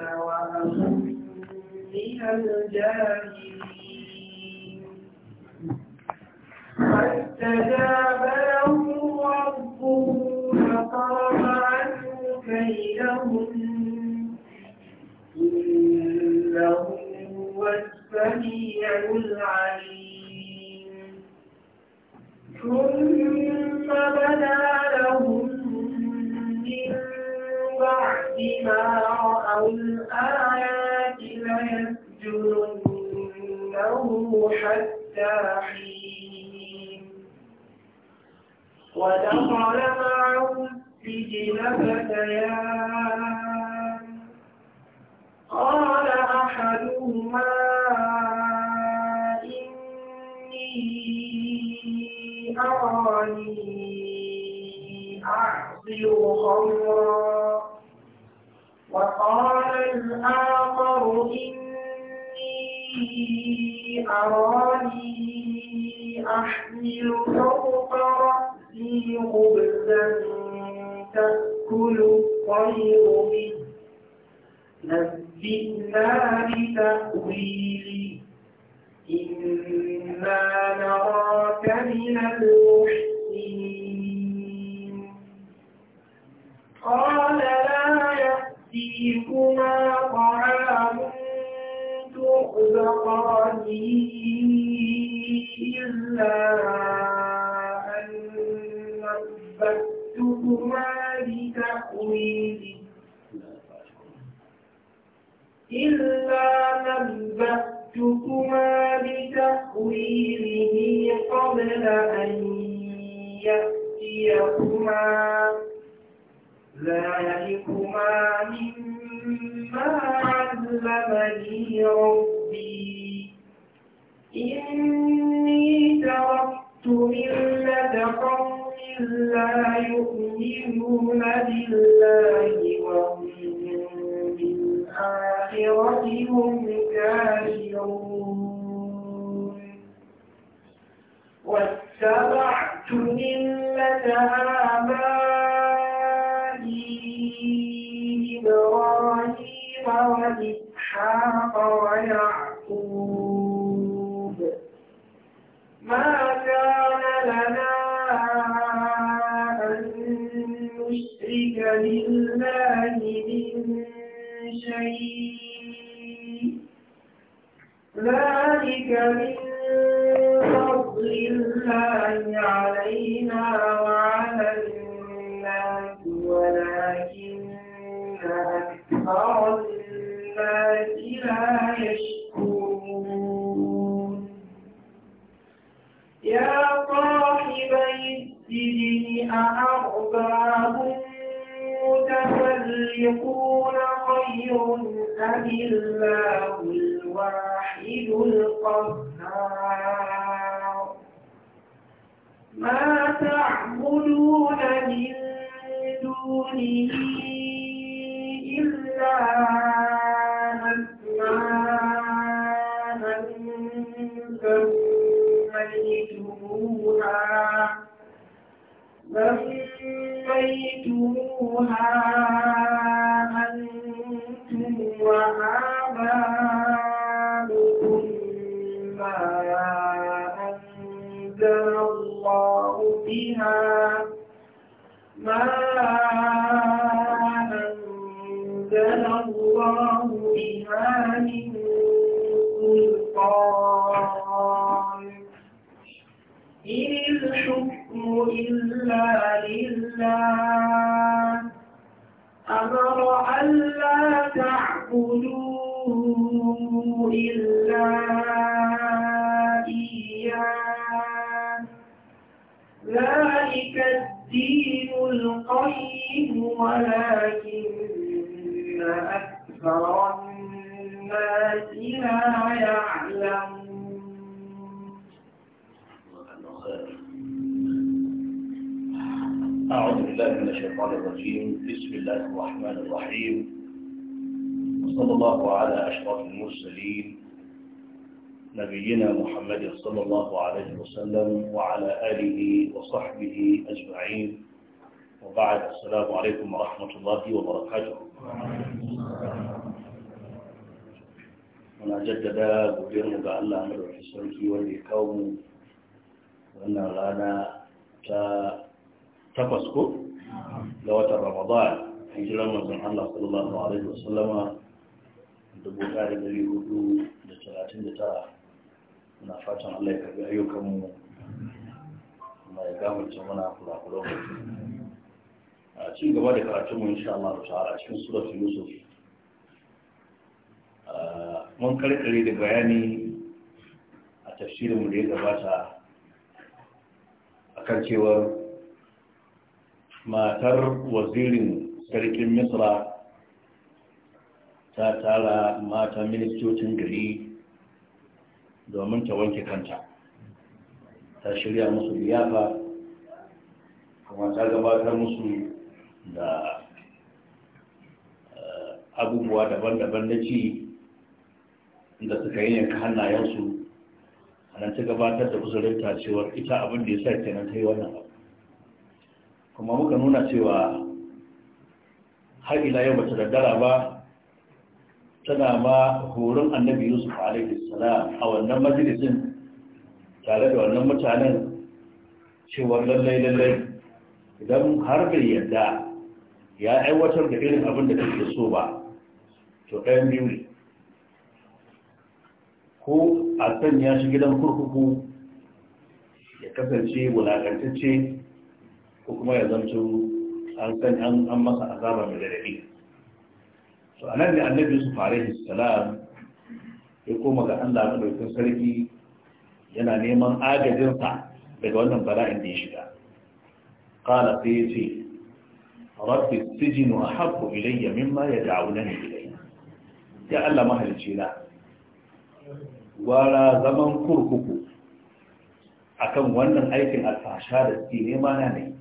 من الجاهلين فاستجاب له ربه فصرف عنه إنه هو السميع العليم ثم بدا لهم بعد ما رأوا الآيات ليسجننه حتى حين ودخل معه السجن فتيان قال أحدهما إني أراني أعصر خمرا وقال الآخر إني أراني أحمل فوق رأسي خبزا تأكل الطير منه نبئنا بتأويله إنا نراك من المحسنين يأتيكما طعام إلا أن نبأتكما بتأويله إلا قبل أن يأتيكما ذلكما من ما علمني ربي إني تركت ملة قوم لا يؤمنون بالله وهم بالآخرة هم كافرون واتبعت ملة آبائي إبراهيم وإسحاق ويعقوب ما كان لنا أن نشرك بالله من شيء ذلك من فضل الله علينا وعلى الناس ولكن أكثر يا صاحبي السجن أأرباب متفرقون خير أم الله الواحد القهار ما تعبدون من دونه إلا سميتموها أنتم وآباؤكم ما أنزل الله بها ما أنزل الله إلا لله أمر ألا تعبدوا إلا إياه ذلك الدين القيم ولكن أكثر الناس لا يعلمون أعوذ بالله من الشيطان الرجيم بسم الله الرحمن الرحيم وصلى الله على أشرف المرسلين نبينا محمد صلى الله عليه وسلم وعلى آله وصحبه أجمعين وبعد السلام عليكم ورحمة الله وبركاته ونجدد jaddada بألا أمر الحسن في ولي wanda وأن kawo takwas ko da watan ramadan an jira manzon Allah sallallahu alaihi wasallama sallama dubu da dari hudu da talatin da tara muna fatan Allah ya karbi ayyukanmu kuma ya gafarta mana kula-kula a cikin gaba da karatunmu insha Allah ta'ala cikin surat yusuf mun karkare da bayani a tafsirinmu da ya gabata a kan cewar matar wazirin sarkin misra ta tara mata ministocin gari domin ta wanke kanta ta shirya musu liyafa kuma ta gabatar musu da eh, abubuwa daban-daban na ci da suka yi yanka hannayensu a nan ta gabatar da uzurinta cewar ita abin da ya sa kenan ta yi wannan abu kuma muka nuna cewa har ila yau bata daddara ba tana ma horon annabi yusuf alaihi salam a wannan majalisin tare da wannan mutanen cewa lallai lallai idan har bai yadda ya aiwatar da irin abin da kake so ba to ɗayan biyu ne ko a ya shi gidan kurkuku ya kasance wulakantacce ko kuma ya zanto an san an masa azaba mai daɗi to a nan da annabi su fara salam ya koma ga Allah madaukakin sarki yana neman agajinsa daga wannan bala'in da ya shiga qala sai ya ce rabbi sijinu ahabbu ilayya mimma yad'unani ilayhi ya Allah mahalicci na wara zaman kurkuku akan wannan aikin alfasha da suke nema na ne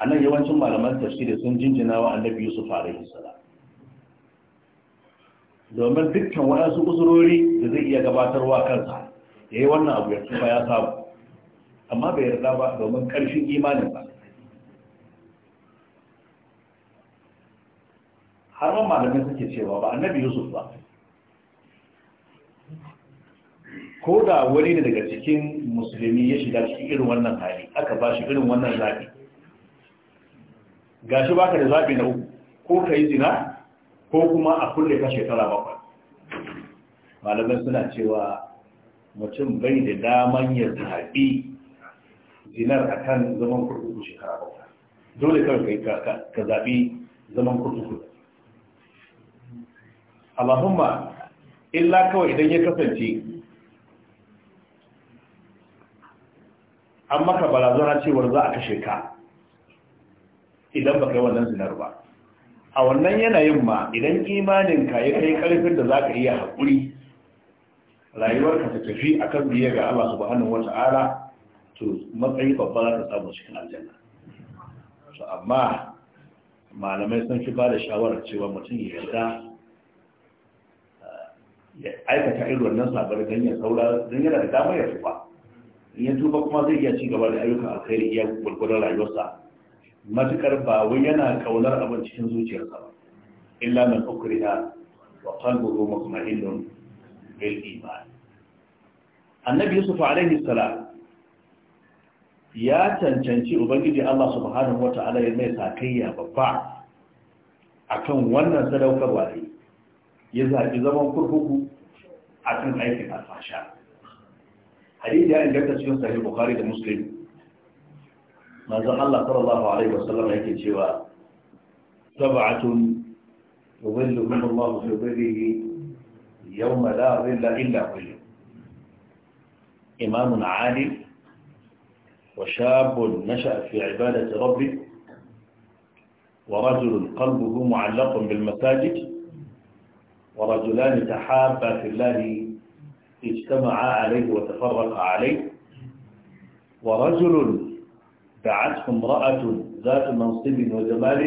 a nan yawancin malaman tafsiri sun jinjina wa annabi yusuf alaihi salam domin dukkan waɗansu kusurori da zai iya gabatarwa kansa ya yi wannan abu ya tuba ya samu amma bai yarda ba domin ƙarfin imanin ba har ma malamin suke cewa ba annabi yusuf ba ko da wani ne daga cikin musulmi ya shiga cikin irin wannan hali aka ba shi irin wannan zaɓi gashi baka da zaɓi na uku ko ka yi zina ko kuma a kulle ka shekara bakwai malamai suna cewa mutum bai da daman ya zaɓi zinar a kan zaman kurkuku shekara bakwai dole kawai ka zaɓi zaman kurkuku Allahumma illa kawai idan ya kasance an maka barazana cewar za a kashe ka idan ba kai wannan zinar ba a wannan yanayin ma idan ka ya kai karfin da zaka iya haƙuri rayuwarka ta tafi akan biye ga Allah subhanahu wata'ala to matsayi babba za ka samu cikin aljanna to amma malamai sun fi ba da shawarar cewa mutum ya yarda eh, ya aikata irin wannan sabar don ya saura don yana da damar ya tuba in ya tuba kuma zai iya ci gaba da ayyukan alkhairi iya gwargwadon rayuwarsa matukar ba wai yana kaunar abin cikin zuciyarsa ba illa man ukriha wa qalbuhu mutma'innun bil iman annabi yusuf alaihi salam ya cancanci ubangiji Allah subhanahu wata'ala ya mai sakayya babba akan wannan sadaukar ne ya zaki zaman kurkuku akan aikin alfasha hadisi ya inganta cikin sahih bukhari da muslim ما زال الله صلى الله عليه وسلم هيك شواء سبعة يظلهم الله في ظله يوم لا ظل إلا ظله إمام عالي وشاب نشأ في عبادة ربه ورجل قلبه معلق بالمساجد ورجلان تحابا في الله اجتمعا عليه وتفرقا عليه ورجل دعته امرأة ذات منصب وجمال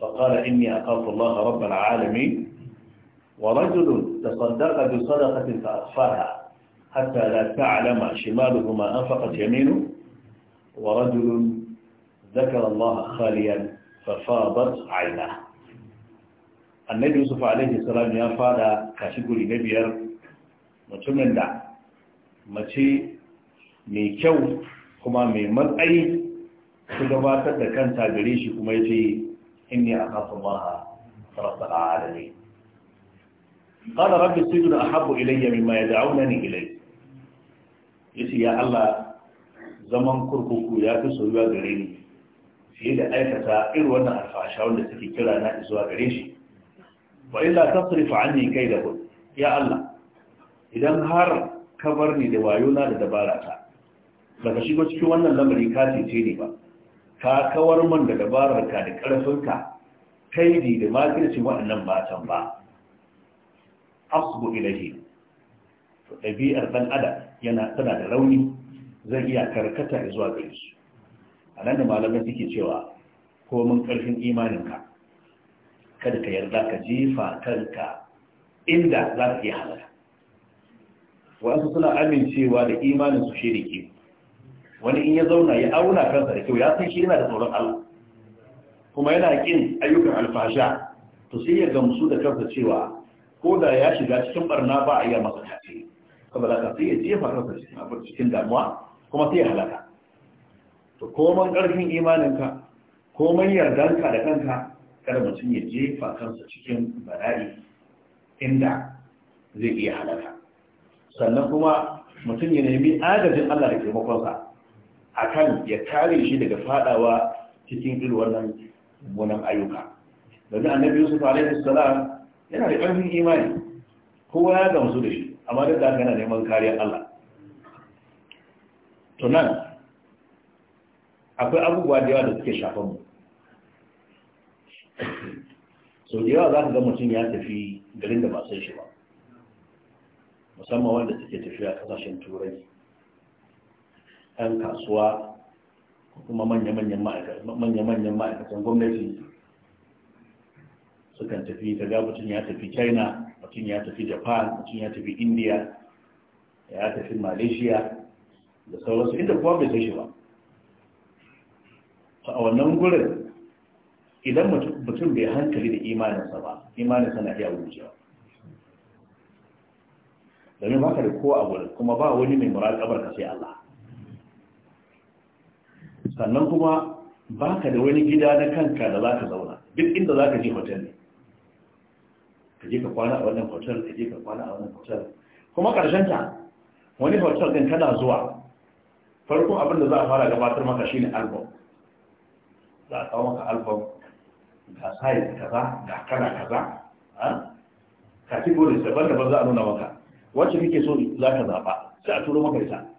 فقال إني أخاف الله رب العالمين ورجل تصدق بصدقة فأخفاها حتى لا تعلم شماله ما أنفقت يمينه ورجل ذكر الله خاليا ففاضت عيناه النبي يوسف عليه السلام يا فادا كاشغوري نبيار mutumin da mace mai kyau kuma su gabatar da kanta gare shi kuma ya yace inni akhafu Allah rabbul alamin qala rabbi sijnu ahabbu ilayya mimma yad'unani ilayhi ilai, ya ya Allah zaman kurkuku ya fi soyuwa gare ni fiye da aikata irin wannan alfasha wanda suke kira na zuwa gare shi Ba illa kai da kaidahu ya Allah idan har ka bar ni da wayona da dabara ta baka shigo cikin wannan lamari ka cece ni ba ka kawar man da dabararka da ƙarfinka kaidi da makirci waɗannan matan ba asbu ilahi to ɗabi'ar ɗan adam yana tana da rauni zai iya karkata zuwa gare su a nan da malamai suke cewa komin ƙarfin imaninka kada ka yarda ka jefa kanka inda za ka iya halaka wasu suna amincewa da imanin su shirike wani in ya zauna ya auna kansa da kyau ya san shi yana da tsoron Allah kuma yana kin ayyukan alfasha to sai ya gamsu da kansa cewa ko da ya shiga cikin barna ba a yi masa tafi saboda ka sai ya jefa kansa cikin abin cikin damuwa kuma sai ya halaka to koman karfin imaninka koman yardanka da kanka kada mutum ya jefa kansa cikin bala'i inda zai iya halaka sannan kuma mutum ya nemi agajin Allah da taimakonsa akan ya kare shi daga fadawa cikin irin wannan munan ayyuka domin annabi yusuf alaihi salam yana da ƙarfin imani kowa ya gamsu da shi amma duk da haka yana neman kariyar Allah to nan akwai abubuwa da yawa da suke shafan mu so da yawa za ka ga mutum ya tafi garin da ba san shi ba musamman wanda suke tafiya kasashen turai 'yan kasuwa kuma manya-manyan ma'aikatan gwamnati sukan tafi ta ga mutum ya tafi china mutum ya tafi japan mutum ya tafi india ya tafi malaysia da sauransu inda kuwa bai tashi ba a wannan gurin idan mutum bai hankali da imaninsa ba imaninsa na iya ba. domin baka da kowa a gurin kuma ba wani mai muraƙabar ka sai Allah sannan kuma ba ka da wani gida na kanka da za ka zauna duk inda za ka je hotel ne ka je ka kwana a wannan hotel ka je ka kwana a wannan hotel kuma karshen ta wani hotel din kana zuwa farko abin da za a fara gabatar maka shine album za a kawo maka album ga size kaza ga kala kaza categories daban-daban za a nuna maka wacce kake so za ka zaɓa sai a turo maka ita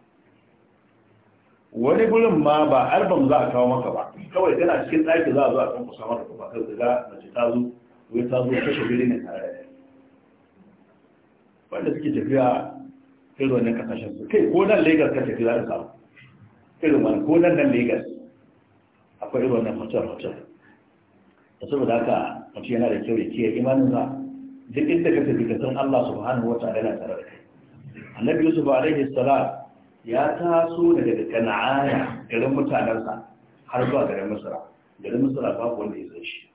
wani gurin ma ba albam za a kawo maka ba kawai tana cikin ɗaki za a zo a kan kusa maka kuma kai ga mace ta zo wai ta zo kashe biri ne tare da wanda suke tafiya irin wannan kasashen su kai ko nan lagos ka tafi za ka samu irin wani ko nan nan lagos akwai irin wannan hotel hotel da saboda haka mace yana da kyau ya kiyaye imanin za duk inda ka tafi ka san Allah subhanahu wa ta'ala yana tare da kai annabi yusuf alaihi salam ya taso ne daga kana'ana garin mutanensa har zuwa garin misra garin misra babu wanda ya zai shi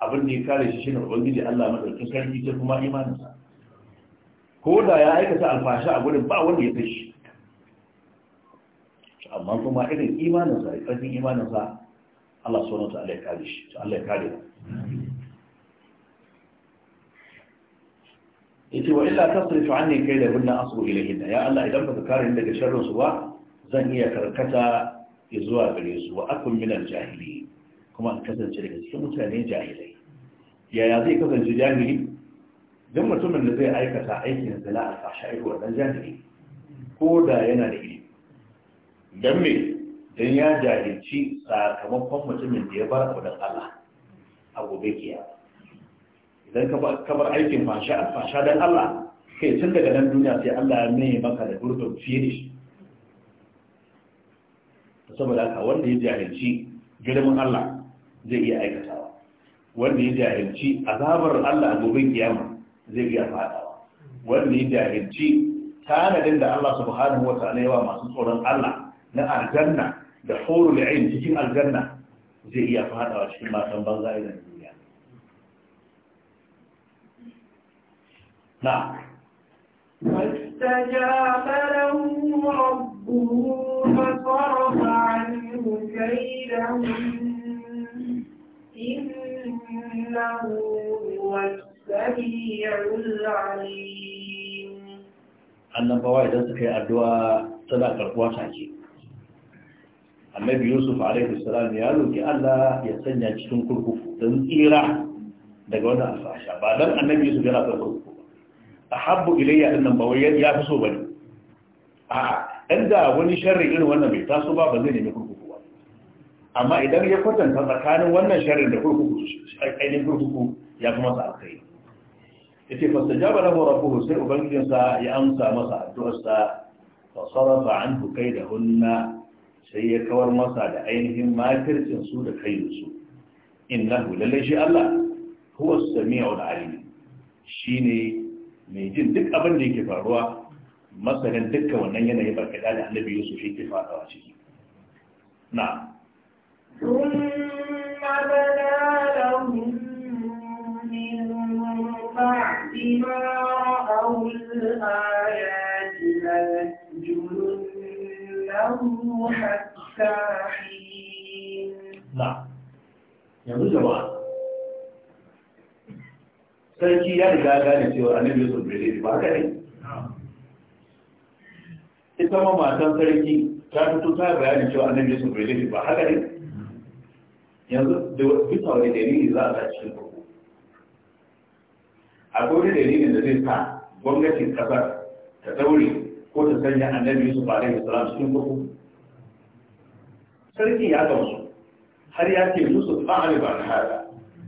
abin da ya kare shi shine ubangiji Allah madaukakin sarki ce kuma imaninsa ko da ya aikata alfashi a gurin ba wanda ya zai shi amma kuma irin imaninsa ƙarfin imaninsa Allah subhanahu wa ta'ala ya kare shi Allah ya kare yace wa illa tasrifu anni kai da bunna asbu ilayhin ya Allah idan baka kare ni daga sharrin su ba zan iya karkata zuwa gare su wa akun min al-jahili kuma an kasance daga cikin mutane jahilai yaya zai kasance jahili don mutumin da zai aikata aikin na a fashayi wa dan jahili ko da yana da ilimi Dan me don ya jahilci sakamakon mutumin da ya bar abu da Allah a gobe kiyama dan kabar aikin fasha fasha dan Allah kai tun daga nan duniya sai Allah ya mai maka da gurbin fiye da shi saboda haka wanda ya jahilci girman Allah zai iya aikatawa wanda ya jahilci azabar Allah a gobe kiyama zai iya fadawa wanda ya jahilci tanadin da Allah subhanahu wa ta'ala yawa masu tsoron Allah na aljanna da hurul ain cikin aljanna zai iya fadawa cikin matan banza idan نعم فاستجاب له ربه فصرف عنه كيدهن إنه هو السميع العليم annabawa idan suka yi addu'a tana karkuwa take annabi yusuf alaihi salam ya roki Allah ya sanya cikin kurkuku don tsira daga wannan alfasha ba dan annabi yusuf yana farko ahabbu ilayya din nan ba wai ya fi so bane a'a dan da wani sharri irin wannan bai taso ba ba zai nemi kurkuku ba amma idan ya kwatanta tsakanin wannan sharrin da kurkuku ainihin kurkuku ya fi masa alkhairi yace fastajaba lahu rabbuhu sai ubangijinsa ya amsa masa addu'arsa fa sarafa anhu kaidahunna sai ya kawar masa da ainihin makircin su da kayyinsu innahu lallai shi Allah huwa as-sami'ul alim shine mai jin duk abin da yake faruwa masanin dukkan wannan yanayi ba kaɗa da annabi yusuf shi ke faruwa ciki na بعد ما رأوا sarki ya riga gane cewa annabi yusuf bai laifi ba haka ne ita ma matan sarki ta fito ta bayani cewa annabi yusuf bai laifi ba haka ne yanzu da bisa wani dalili za a sa cikin farko akwai wani dalilin da zai sa gwamnatin kasar ta daure ko ta sanya annabi yusuf alaihi salam cikin farko sarki ya gamsu har ya ce yusuf ba a ba na hada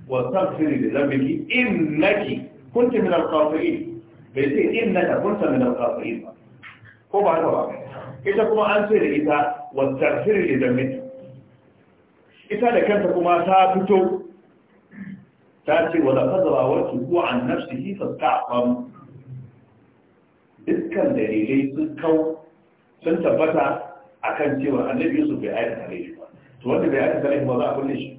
واستغفري لذنبك إنك كنت من الخاطئين بيسي إنك كنت من الخاطئين ko ba haka ba ita kuma an ce da ita wastarfir da zambi ita da kanta kuma ta fito ta ce wa laqad rawatu hu an nafsihi fastaqam dukkan dalilai sun kau sun tabbata akan cewa annabi Yusuf bai aikata laifi ba to wanda bai ba za a kulle shi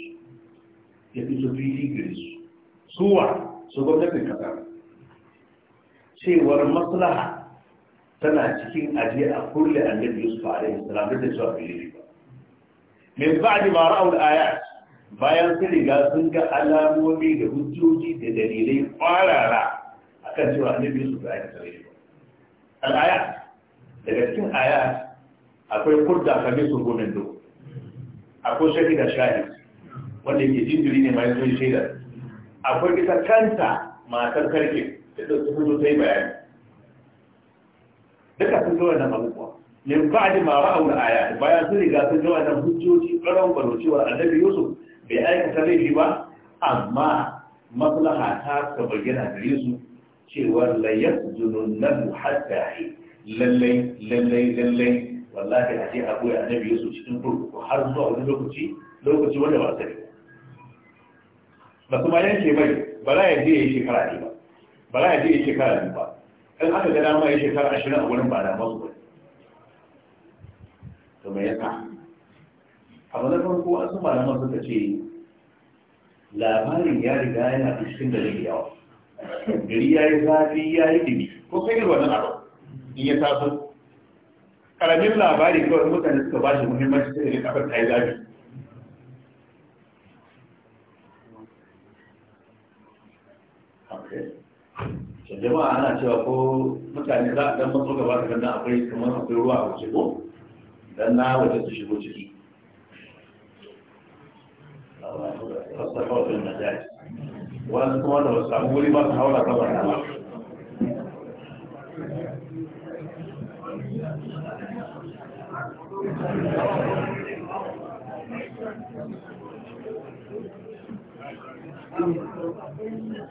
ya fito fili gare su suwa su gwamnatin kasa cewar maslaha tana cikin aje a kulle annabi yusuf alaihi salam da cewa fili ba min ba'di ma ra'u al-ayat bayan sun riga sun ga alamomi da hujjoji da dalilai kwarara akan cewa annabi yusuf da aka tare shi al-ayat daga cikin ayat akwai kurda kamar su gomen do akwai shaki da shahid wanda ke jinjiri ne ma ya zo shaida akwai ita kanta matar karfe da ta fito ta yi bayani duka sun zo wannan abubuwa min ba'di ma ra'aw al aya. bayan sun riga sun zo wannan hujjoji karon baro cewa annabi Yusuf bai aikata laifi ba amma maslaha ta ta bayyana da su cewa la nan hatta yi lallai lallai lallai wallahi a ce a goya annabi Yusuf cikin kurkuku har zuwa wani lokaci lokaci wanda ba sani da kuma yanke mai ba za ya je ya yi shekara ne ba ba za ya je ya yi shekara ne ba in aka ga dama ya shekara ashirin a wurin ba da masu ba to mai yasa a wani farko an su malaman suka ce labarin ya riga yana cikin da zai yawa gari ya yi zafi ya yi dimi ko kai yi wannan abu in ya taso karamin labari kawai mutane suka ba shi muhimmanci sai da kafin ta yi zafi jama'a ana cewa ko mutane za a dan tsoga ba ta dan akwai kamar akwai ruwa a waje ko dan na waje su shigo ciki haura Thank you.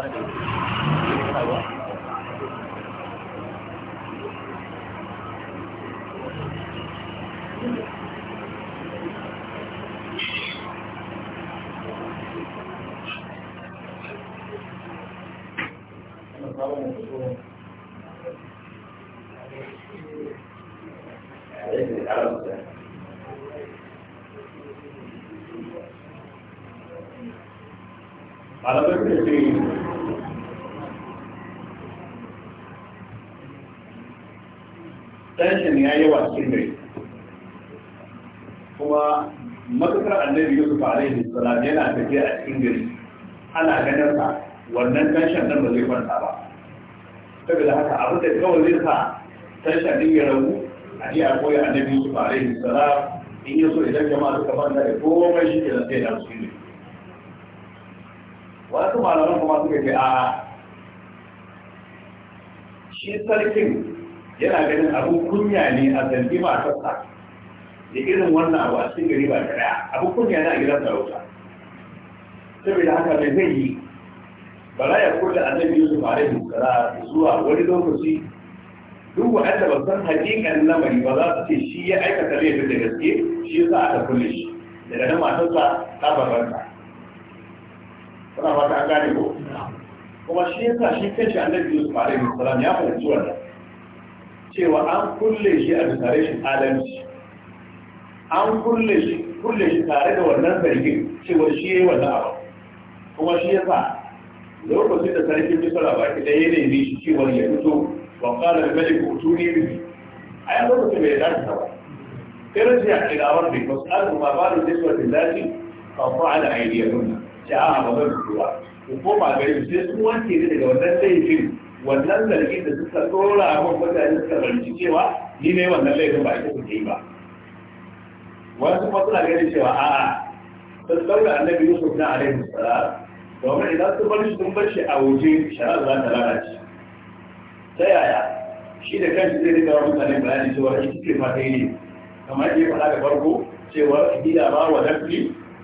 wani yusuf alaihi salam yana tafiya a cikin gari ana ganin sa wannan tashin nan ba zai kwanta ba saboda haka abin da kawai zai sa tashin din ya ragu a ji a koyi annabi yusuf alaihi salam in yi so idan jama'a suka banta da komai shi ke sai da su ne wasu malaman kuma suka ce a shi sarkin yana ganin abin kunya ne a zargi matarsa da irin wannan abu a cikin gari ba da daya abu kunya na gidan sarauta saboda haka mai zai yi ba za ya kula fara yusuf alaihi da zuwa wani lokaci duk wa'anda ba san hakikan lamari ba za su ce shi ya aikata laifin da gaske shi ya sa aka kulle shi daga nan matarsa ta barbarta kuna fata an gane ko kuma shi ya sa shi kanshi annabi yusuf alaihi salam ya fahimci wannan cewa an kulle shi a bisa rashin adalci an kulle shi kulle shi tare da wannan zargin cewa shi yayi wannan abu kuma shi yasa lokacin da sarkin ba ki da yayi ne shi cewa ya fito wa qala al-malik utuni bihi ai lokacin bai ta ba sai irja ila da fas'alu ma balu nisbati allati qata'ala aydiyahunna a ba da ruwa ko ba gari sai sun wanke ne daga wannan laifin wannan zargin da suka tsora a kan mutane suka ranci cewa ni ne wannan laifin ba ita kuke ba wasu kuma suna ganin cewa a'a sun daura annabi yusuf na alaihi salam domin idan sun bar shi sun bar shi a waje shara za ta lalace ta yaya shi da kanshi zai rika wa mutane bayani cewa ita ce fata ne kamar yadda ya faɗa da farko cewa ƙabila ba wa nafi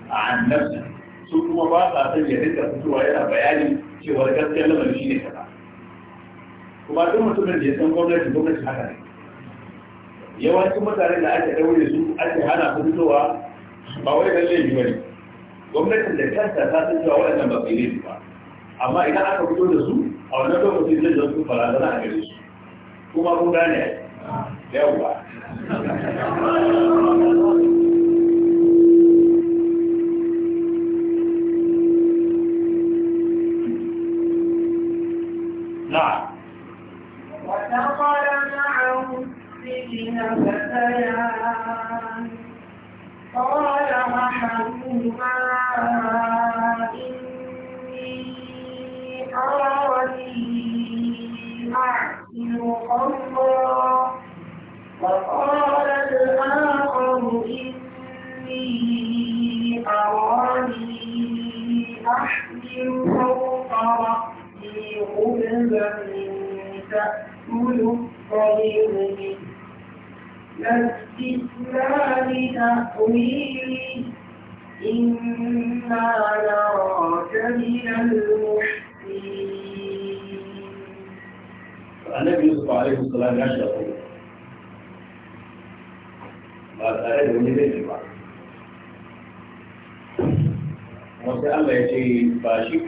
a annabta su kuma ba sa son ya rika fitowa yana bayani cewa gaskiyar lamarin shi ne kaza kuma duk mutumin da ya san gwamnati gwamnati haka ne yawancin mutane da ake daure su ake hana su fitowa ba wai dan laifi bane gwamnatin da kanta ta san cewa waɗannan ba su laifi ba amma idan aka fito da su a wannan lokacin zai zo su barazana a gare su kuma kun gane yawwa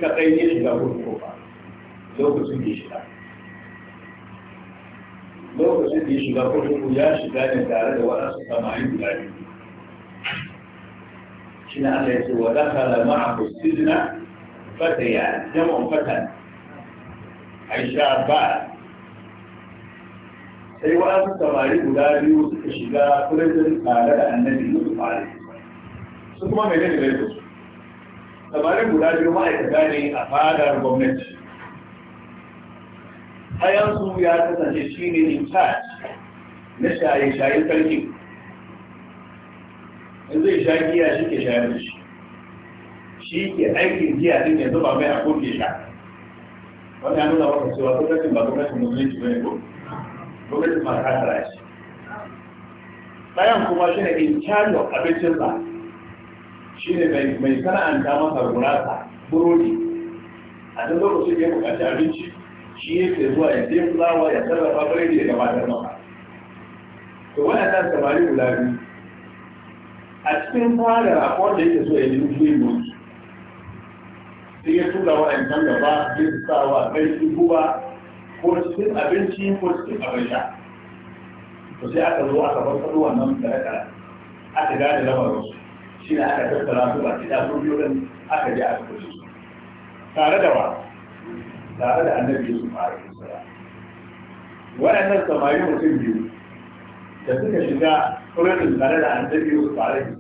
kaɗai ya shiga kurkuku ba lokacin da shiga lokacin da ya shiga kurkuku ya shiga ne tare da waɗansu samarin guda biyu shi na Allah ya ce wa dakala ma'a kusizna fataya jama'un fatan aisha ba sai wasu samari guda biyu suka shiga kudancin tare da annabi musu fare su kuma mai ne da su samarin guda biyu ma'aikata ne a fadar gwamnati hayansu ya kasance shi ne in charge na shaye-shayen sarki in zai sha giya shi ke shayar da shi shi ke aikin giya din ya zuba mai a kofi sha ya nuna wata cewa gwamnatin ba gwamnatin musulunci ba ne ko Gwamnati ma ta tara shi bayan kuma shi ne in charge of ba shi ne mai sana'anta masa gurasa burodi a duk lokacin da ya buƙaci abinci shi yake zuwa ya je fulawa ya sarrafa biredi ya gabatar maka to waɗannan samari guda biyu a cikin fara akwai wanda yake so ya yi mutuwin mutu sai ya tura waɗancan gaba ya su sa wa kai su guba ko cikin abinci ko cikin abin sha to sai aka zo aka bar faɗo wannan da aka aka gane lamarinsu shi ne aka tattara su ba da su biyu ɗin aka je aka kashe su tare da wa tare da annabi yusuf a rikin sara waɗannan samari mutum biyu da suka shiga kurin tare da annabi yusuf a rikin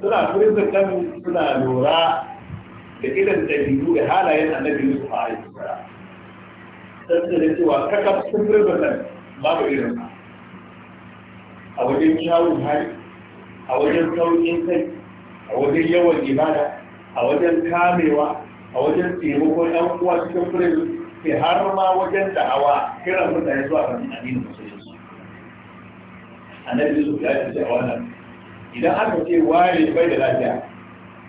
suna kurin kan suna lura da irin ɗabi'u da halayen annabi yusuf a rikin sara sassa da cewa kakaf sun kurin babu irin a wajen shawun hali a wajen sauƙin kai a wajen yawan ibada a wajen kamewa a wajen taimakon ɗan uwa cikin firin ke har ma wajen da'awa kiran mutane zuwa kan addinin musulunci annabi yusuf ya ce a wannan idan aka ce waye bai da lafiya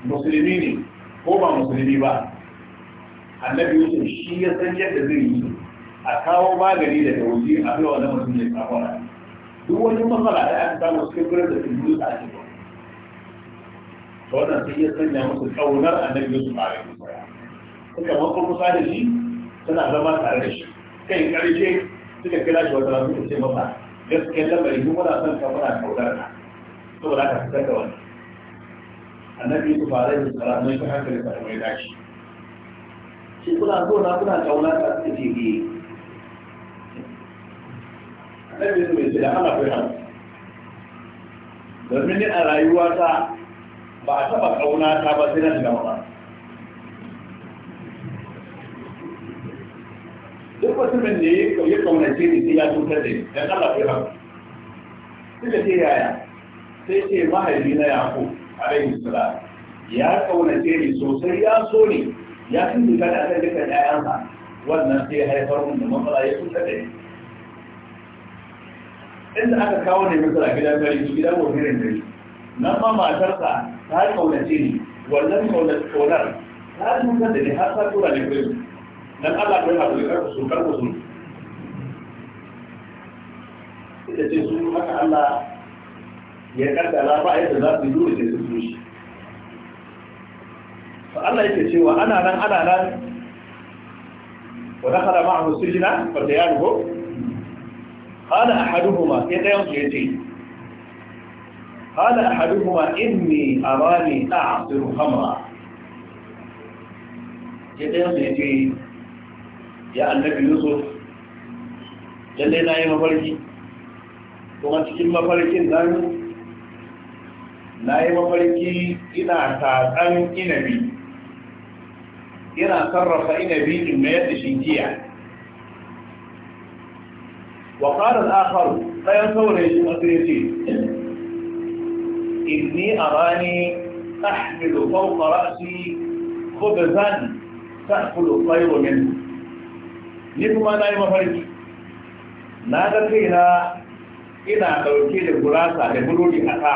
musulmi ne ko ba musulmi ba annabi yusuf shi ya san yadda zai yi a kawo magani daga waje a kai wannan mutum ne kafara duk wani matsala da aka samu cikin gurin da sun yi tsaki to wannan sai ya sanya musu kaunar annabi Yusuf alaihi salam suka mako kusa da shi suna zama tare da shi kai karshe suka kira shi wata rasu ce masa gaskiyar lamari mu muna son ka muna kaunar ka saboda ka fitar da wani annabi Yusuf alaihi salam ne ka hankali sa mai dashi shi kuna so na kuna kauna ka suke ne annabi su bai ce ana kai hannu domin ni a rayuwata ba a taba ƙauna ta ba sai na shiga mata duk mutumin da ya ƙaunace ni sai ya cutar da ni dan Allah kai hannu suka ce yaya sai ce mahaifi na yaƙo a alaihi salam ya ƙaunace ni sosai ya so ni ya tuntuka da akan dukkan ƴaƴansa wannan sai haifar mun da matsala ya cutar da ni inda aka kawo ne a gidan gari su gidan wazirin gari nan ma matarsa ta kaunace ne wannan kaunar ta nuna da ne har ta tura ne gari nan Allah kai haɗu da karku su karku su ita ce su haka Allah ya kaddara ba yadda za su yi dole sai su so shi fa Allah yake cewa ana nan ana nan wa dakhala ma'ahu sijna fa tayaruhu haɗu kuma sai dayan su ne a ba ne arani a'siru khamra sai dayan su ce ya annabi yusuf lalle na yi mafarki kuma cikin mafarkin nan na yi mafarki ina taɗan inabi ina sarrafa inabi in mayar da shi kiyar wa ƙarar akar ɗayan saurayi shi masu ya ce inni a rani ahmilu fauka ra'asi khubzan ta'kulu tayru min ni kuma na yi mafarki na ga kaina ina ɗauke da gurasa da burodi a ta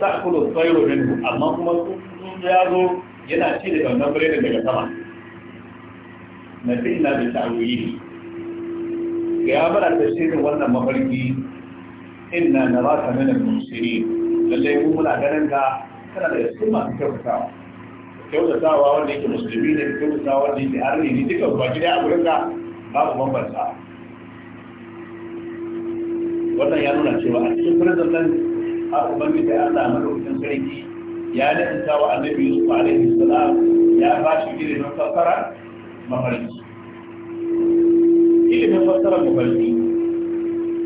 ta'kulu tayru min amma kuma sun yana ci da wannan biredin daga sama na fi ina da ya mana tafsirin wannan mafarki inna naraka min al-muslimin lalle mu muna ganin ka kana da cikin masu kyautatawa kyautatawa wanda yake musulmi ne kyautatawa wanda yake arni ne duka ba gida a gurin ka babu bambanta wannan ya nuna cewa a cikin firzan nan a ubangiji ya Allah madaukakin sarki ya nanta wa annabi Yusuf alaihi salam ya ba shi gidan mafarki ilimin fassara mafarki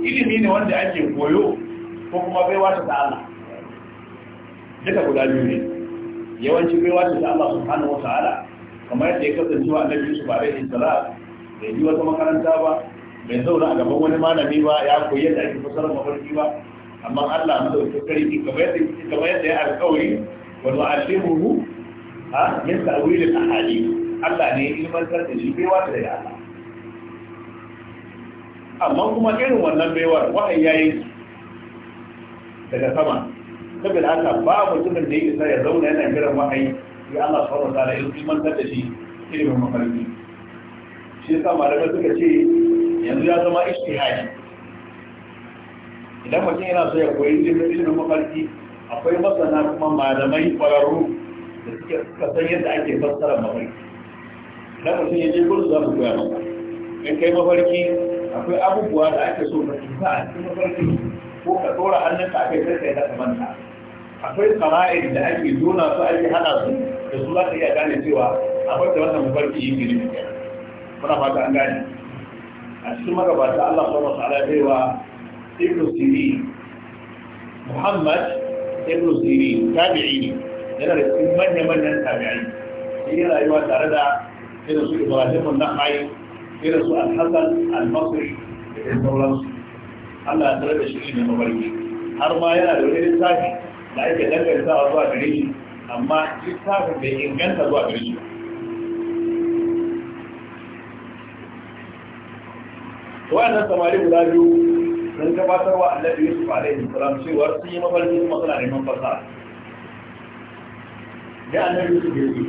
ilimi ne wanda ake koyo ko kuma baiwa ta ta'ala duka guda biyu ne yawanci baiwa ta Allah subhanahu wa ta'ala kamar yadda ya kasance wa annabi bare alaihi salam bai yi wata makaranta ba bai zauna a gaban wani malami ba ya koyi yadda ake fassarar mafarki ba amma Allah mu dauki karfi kamar yadda kamar yadda ya alƙawari wa nu'allimuhu ha min ta'wil al-ahadith Allah ne ilmantar da shi baiwa ta da Allah amma kuma irin wannan baiwar wahayi yi daga sama saboda haka ba mutumin da ya isa ya zauna yana kiran wahayi ya Allah subhanahu wa ta'ala ya ilmantar da shi ilimin mafarki shi yasa malamai suka ce yanzu ya zama ijtihadi idan mutum yana so ya koyi ilimin mafarki akwai masana kuma malamai kwararru da suke suka san yadda ake fassara mafarki idan mutum ya je gudu za mu koya maka in kai mafarki akwai abubuwa da ake so ka tuka a cikin mafarki ko ka tsora hannunka a kai sai ka manta akwai sama'in da ake zona su ake hana su da su za ka iya gane cewa a da wata mafarki yin gini muna fata an gane a cikin magabata Allah subhanahu wa ta'ala bai ibn siri muhammad ibn siri tabi'i ne yana da cikin manya-manyan tabi'i shi rayuwa tare da irin su ibrahim an irin su alhassan almasir da ɗan sauransu allah ya tare da shi ne mafarki, har ma yana da wani littafi da ake dangantawa zuwa gare shi amma littafin da inganta zuwa gare shi wa'annan samari guda biyu sun gabatar wa annabi yusuf alaihi salam cewa sun yi mafarki kuma suna neman fasa ya annabi yusuf ya yi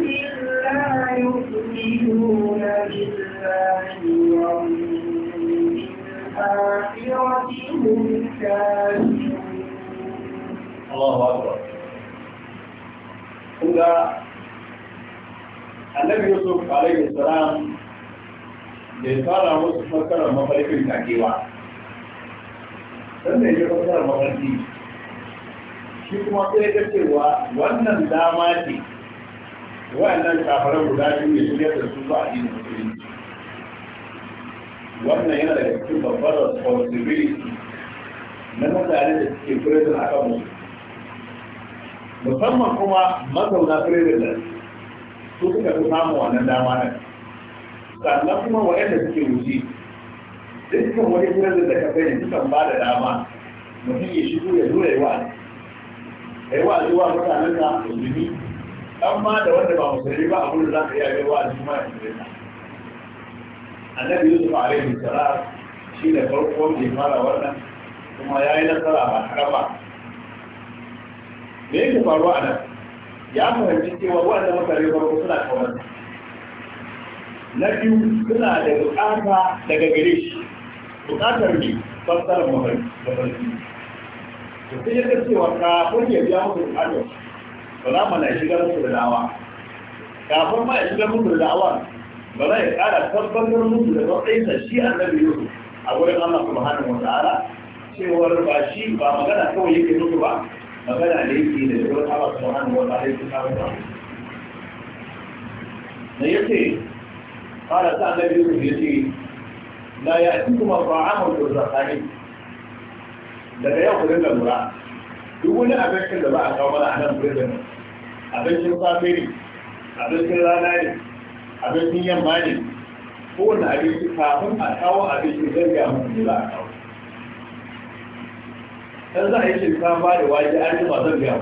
Allahu Akbar. Kunga Annabi Yusuf alaihi salam bai fara musu fassara mafarkin takewa. Sannan ya fassara mafarki. Shi kuma sai ga cewa wannan dama ce wa'annan kafaran guda shi ne su yadda su ba a yi musulunci. Wannan yana da cikin babbar responsibility na mutane da suke firizin a kan musu musamman kuma mazauna firizin da su suka fi samun wannan dama nan sannan kuma waɗanda suke wuce dukkan wani firizin da ka sani sukan ba da dama mutum ya shigo ya zo ya yi wa'azi ya yi wa'azi wa mutanen ka musulmi dan ma da wanda ba musulmi ba abin da za ka iya yi wa'azi kuma ya musulmi annabi yusuf alaihi salam shi ne farko da fara wannan kuma ya yi nasara ba harama me yake faru a nan ya fahimci cewa waɗanda mutane farko suna kawar na biyu suna da bukata daga gare shi bukatar ne fassarar mafarki da sai yadda cewa kafin ya biya musu bukatar ba za mu na shigar musu da dawa kafin ma ya shigar musu da dawa ba za ya kara tabbatar musu da matsayin sa shi annabi yusuf a wurin Allah subhanahu wa ta'ala cewar ba shi ba magana kawai yake nufi ba magana da yake da zuwa ta ba su hannu wata aiki ta ba da ya ce fara sa annabi yusuf ya ce la ya ci kuma ba'amun turzakani daga yau ku dinga lura duk wani abincin da ba a kawo mana a nan birnin abincin safe ne abincin rana ne abincin yamma ne kowane abinci kafin a kawo abincin zai ga mutum da za a kawo dan za a yi shinkafa da waje an yi wasan biya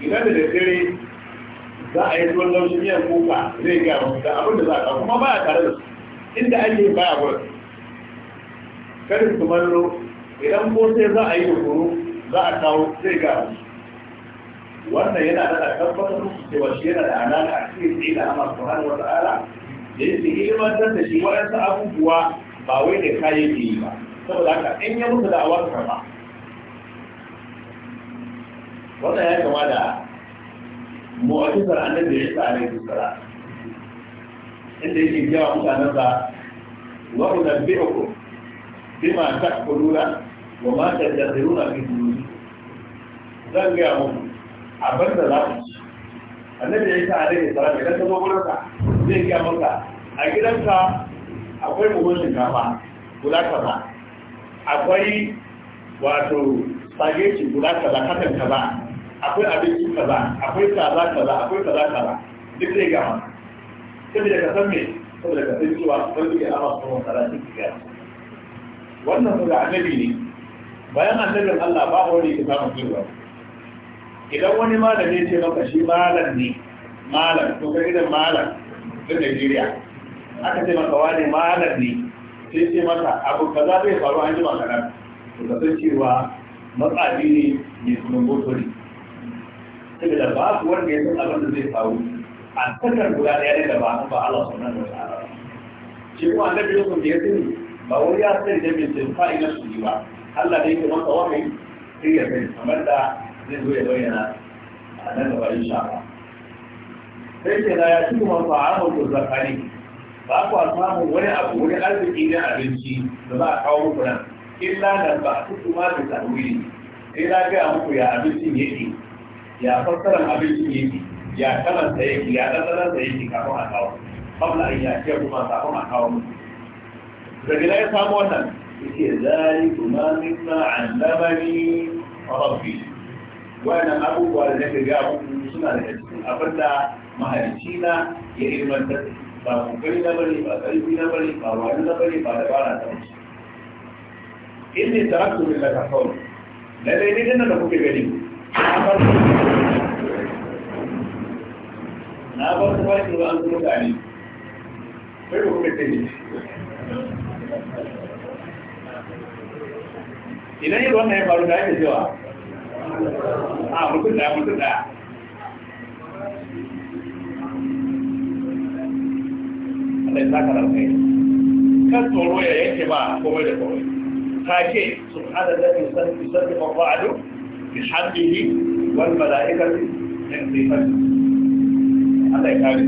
idan da daddare za a yi tuwon laushin miyan kuka zai gaya masu da abin da za a kuma ba a tare da su inda an yi baya gurin karin mallo, idan ko sai za a yi hukuru za a kawo zai gaya masu wannan yana da tabbatar musu cewa shi yana da alaƙa a cikin tsaye da amma su hannu wata ala da yake ilimantar da shi waɗansu abubuwa ba wai da kayan yi ba saboda haka in ya mutu da awar karba wannan ya kama da mu'ajizar annabi ya sa alaihi salam inda yake jawa mutanen sa wa unabbi'ukum bima ta'kuluna wa ma tadkhuluna fi buyutikum zan ga muku abin da za ku ci annabi ya sa alaihi salam idan ka zo gurin sa zai ga maka a gidanka akwai buhun shinkafa kula kaza akwai wato spaghetti guda kaza katan kaza akwai abinci kaza akwai kaza kaza akwai kaza kaza duk zai gama saboda ka san me saboda ka san cewa sai duka amma sun wata shi kiyaye wannan da annabi ne bayan annabin Allah ba wani ke samu kiyaye idan wani malami ce maka shi malam ne malam to kai idan malam na Najeriya aka ce maka wani malam ne sai ce mata abu kaza zai faru an jima kanan to ka san cewa matsabi ne mai sunan gotori saboda ba ku wanda ya san abin da zai faru a sakar guda ɗaya ne da ba an ba Allah sunan da ta'ala shi kuma annabi Yusuf da ya sani ba wani ya sani da mai sani fa'ina su ba Allah ne ya masa wahayi sai ya sani kamar da zai zo ya bayyana a nan gaba insha Allah sai ce na ya ci kuma fa'amul zakari ba ku alfahu wani abu wani arziki na abinci da za a kawo muku nan illa na ba su kuma da tarwili sai na gaya muku ya abincin yake ya fassara abincin yake ya kalan da yake ya ɗanɗanar da yake kafin a kawo a iya ce kuma kafin a kawo muku daga na ya samu wannan yake zari kuma mimma a rabbi wannan abubuwa da nake gaya muku suna da cikin abin da mahalicina ya ilmantar da ba kokari na bari ba karfi na bari ba wani na bari ba na ta wuce in ne taraktu min laka kawai ne dinnan da kuke gani na bar ku ba ba an zuwa gani sai ku kuka tani idan yi wannan ya faru da ake cewa a ah, mutum da mutum da Allah ya saka ranka yi kan tsoro ya yanke ba komai da komai take subhana allazi yusabbihu al-qa'du bi hamdihi wal malaikati min sifati Allah ya kare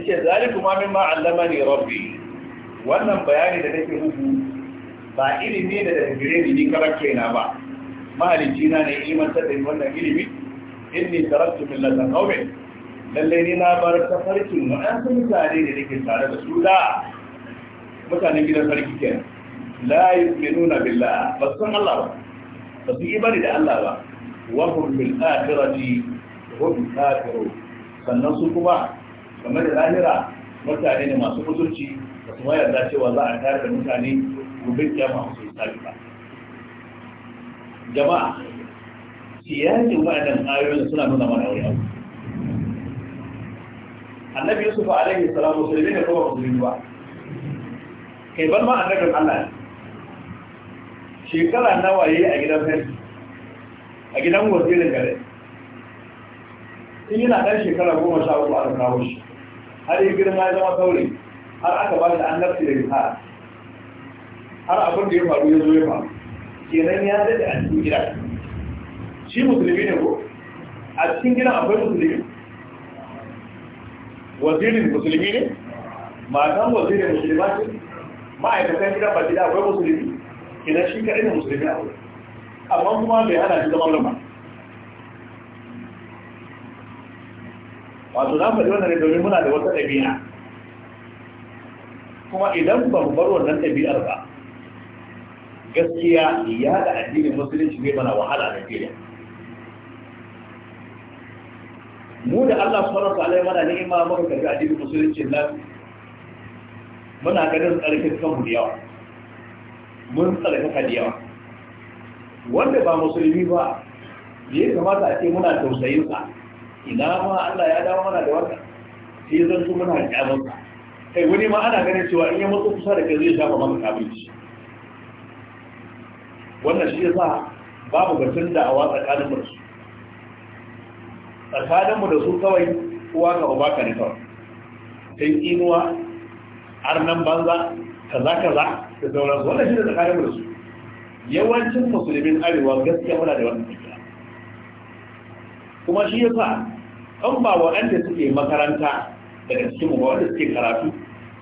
yace zalikuma mimma allamani rabbi wannan bayani da nake muku ba ilimi da daga gare ni karar kaina ba mahalicci na ne ilmantar da wannan ilimi inni taraktu millata qaumin lalle ni na bar ta farkin waɗansu mutane da nake tare da su da mutanen gidan farki ke. la yu'minuna billah ba su san Allah ba ba su yi bari da Allah ba wa hum bil akhirati hum kafirun sannan su kuma game da lahira mutane ne masu mutunci ba su mayar yarda cewa za a tare da mutane gobe kiyama su yi tsari ba jama'a siyasin waɗannan ayoyin suna nuna mana wani abu annabi yusuf alaihi salam musulmi ne kuma musulmi ba kai ban ma annabin allah shekara nawa yayi a gidan fes a gidan wazirin gare tun yana ɗan shekara goma sha uku aka kawo shi har yi girma ya zama saurayi har aka ba shi annabci da rihara har abin da ya faru ya zo ya faru kenan ya daɗe a cikin gida shi musulmi ne ko a cikin gida akwai musulmi wazirin musulmi ne matan wazirin musulma ce ma'aikatan gida ba gida akwai musulmi kenan shi kaɗai ne musulmi a wuri amma kuma bai hana shi zama lamba wato na faɗi wannan ne domin muna da wata ɗabi'a kuma idan ba mu bar wannan ɗabi'ar ba gaskiya ya da addinin musulunci zai mana wahala da fiye mu da Allah subhanahu wa ta'ala mana ni'ima muka karbi addinin musulunci na? muna ganin tsarkin kanmu da yawa mun tsarkaka da yawa wanda ba musulmi ba ya kamata a ce muna tausayin sa ina ma Allah ya dawo mana da wanda sai zan su muna kyamun sa kai wani ma ana ganin cewa in ya mutu kusa da kai zai shafa maka kabinci wannan shi yasa babu batun da awa tsakanin mu tsakanin mu da su kawai uwa ka uba ka ne kawai kai inuwa arnan banza kaza kaza da su. wannan shi ne tsakanin mu da su yawancin musulmin arewa gaskiya muna da wannan tafiya kuma shi yasa an ba waɗanda suke makaranta daga cikin mu wanda suke karatu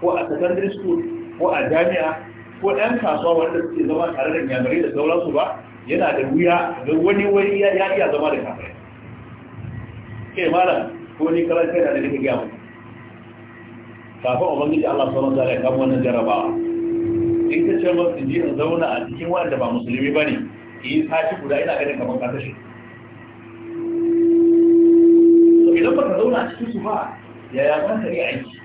ko a secondary school ko a jami'a ko ɗan kasuwa wanda suke zama tare da yamarai da sauransu ba yana da wuya don wani wani ya iya zama da kafirai ke malam ko ni kalar kai da ne nake gaya muku kafin ubangiji Allah sauran zara ya kama wannan jarabawa in ka ce masu ji in zauna a cikin wanda ba musulmi ba ne ki yi tashi guda ina ganin kamar ka tashi idan ba ka zauna a cikin su ba yaya kan ka yi aiki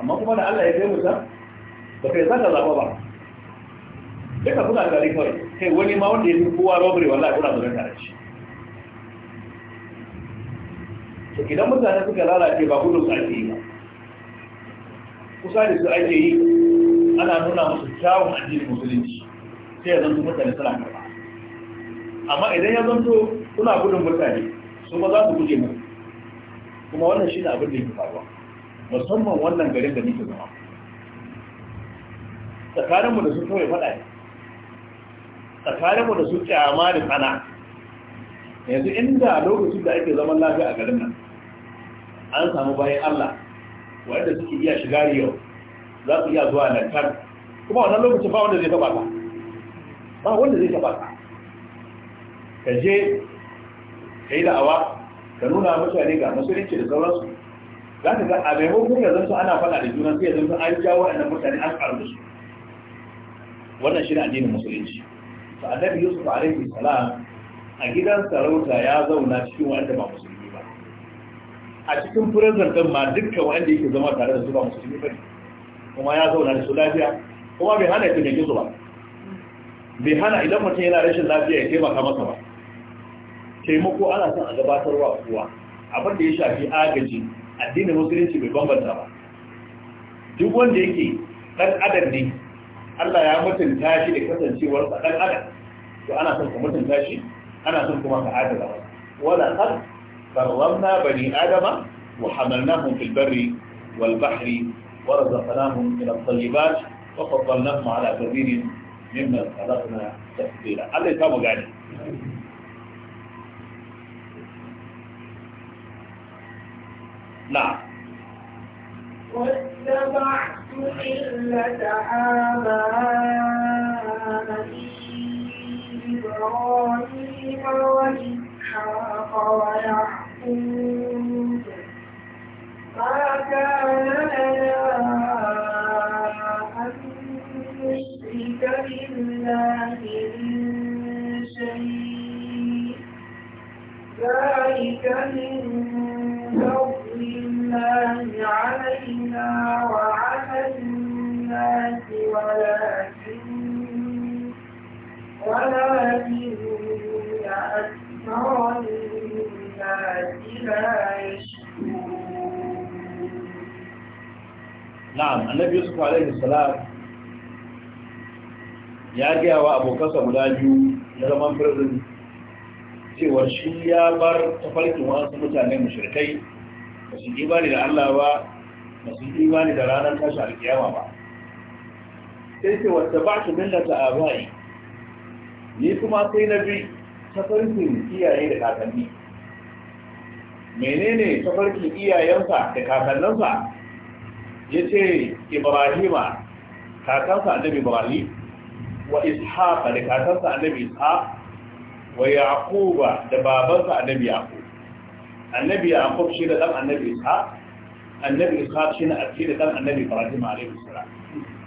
amma kuma da Allah ya kai musa ba kai zaka zaba ba ka kuna gari kawai kai wani ma wanda ya fi kowa robbery wallahi kuna zaune tare shi to idan mutane suka lalace ba gudun su ake yi ba kusa da su ake yi ana nuna musu kyawun addinin musulunci sai ya zanto mutane suna karɓa amma idan ya zanto kuna gudun mutane su ma za su guje mu kuma wannan shi ne abin da ya fi faruwa musamman wannan garin da nike zama tsakaninmu da su kawai faɗa ne tsakaninmu da su kyama da tsana yanzu inda lokacin da ake zaman lafiya a garin nan an samu bayan Allah wanda suke iya shiga yau za su iya zuwa lantar kuma wannan lokacin ba wanda zai taba ka ba wanda zai taba ka ka je ka yi da'awa ka nuna mutane ga masarinci da sauransu za ka ga a maimakon ya zanto ana faɗa da juna sai ya zanto an jawo waɗannan mutane an karu da su wannan shi ne addinin musulunci to annabi yusuf alaihi salam a gidan sarauta ya zauna cikin waɗanda ba musulmi ba a cikin firazzar ɗin ma dukkan waɗanda yake zama tare da su ba musulmi ba kuma ya zauna da su lafiya kuma bai hana ya tunyanki gizo ba bai hana idan mutum yana rashin lafiya ya taimaka masa ba taimako ana son a gabatarwa kuwa abin da ya shafi agaji addinin musulunci bai bambanta ba duk wanda yake dan adam ne Allah ya mutunta shi da kasancewar sa dan adam to ana son ka mutunta shi ana son kuma ka adala wala qad karramna bani adama wa hamalnahum fil barri wal bahri wa razaqnahum min at-tayyibat wa faddalnahum ala kathirin mimman khalaqna tafdila Allah ya samu gani نعم واتبعت ملة آبائي إبراهيم وإسحاق ويعقوب ما كان لنا أن نشرك بالله من شيء ذلك من الله علينا وعلى الناس ولكن ولكن أكثر الناس لا يشكرون نعم النبي يوسف عليه السلام ya gaya wa abokansa guda biyu na zaman birnin cewar shi ya bar tafarkin wasu mutane mashirkai ba su imani da Allah ba ba su imani da ranar tashi alkiyama ba sai ce wata ba su millata a bayi ni kuma sai na bi tafarkin iyaye da kakanni menene tafarkin iyayensa da kakanninsa ya ce ibrahima kakansa annabi ibrahim wa ishaqa da kakansa annabi ishaq wa yaquba da babansa annabi yaqub annabi yaqub shi da ɗan annabi isa annabi isa shi na aski da dan annabi ibrahim alaihi salam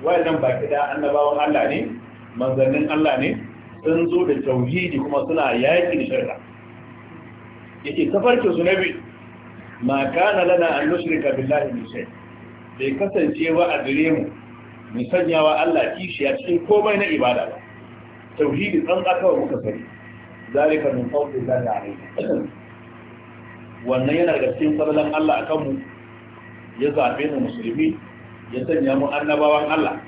wayannan baki da annabawan Allah ne manzannin Allah ne sun zo da tauhidi kuma suna yaki da shirka yake tafarkin su nabi ma kana lana an nushrika billahi min shay bai kasance wa a gare mu mu sanya wa Allah kishiya cikin komai na ibada ba tauhidi kawai muka sani zalika min fadlillahi alayhi wannan yana da cikin fadalan Allah akan mu ya zabe mu musulmi ya sanya mu annabawan Allah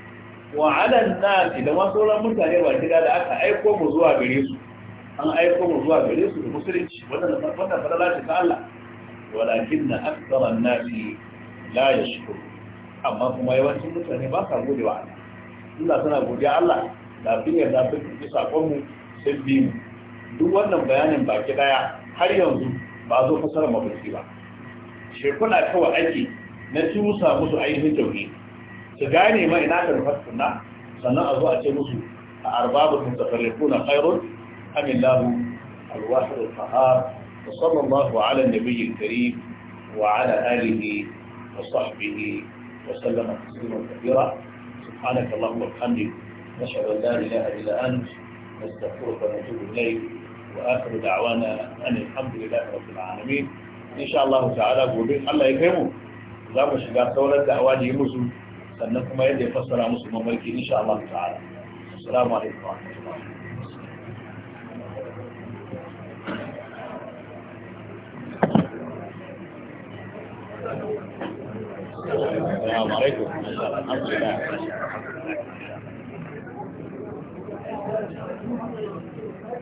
wa ala nasi da wasu sauran mutane ba kira da aka aiko mu zuwa gare su an aiko mu zuwa gare su da musulunci wannan wannan fadala ce ta Allah walakin na aktsara nasi la yashkuru amma kuma yawancin mutane ba sa gode wa Allah Allah suna godiya Allah da sun yarda sun fi sakonmu sun bi duk wannan bayanin baki daya har yanzu ba zo fasarar mafarki ba shekuna kawai ake na tusa musu ainihin tauhi su gane ma ina ka nufar sunna sannan a zo a ce musu a arbabu sun tafarrikuna khairun amillahu alwahid al-qahar wa sallallahu ala an-nabiy al-karim wa ala alihi wa sahbihi wa sallama tasliman kathira subhanaka allahumma wa bihamdika nashhadu an la ilaha illa anta نستغفرك ونتوب إليك وآخر دعوانا أن الحمد لله رب العالمين إن شاء الله تعالى قولين الله يكرمه لا مش قاعد تقول الدعوان يمزو سنكم يدي فصل مسلم ملكي إن شاء الله تعالى السلام عليكم ورحمة الله السلام عليكم الحمد لله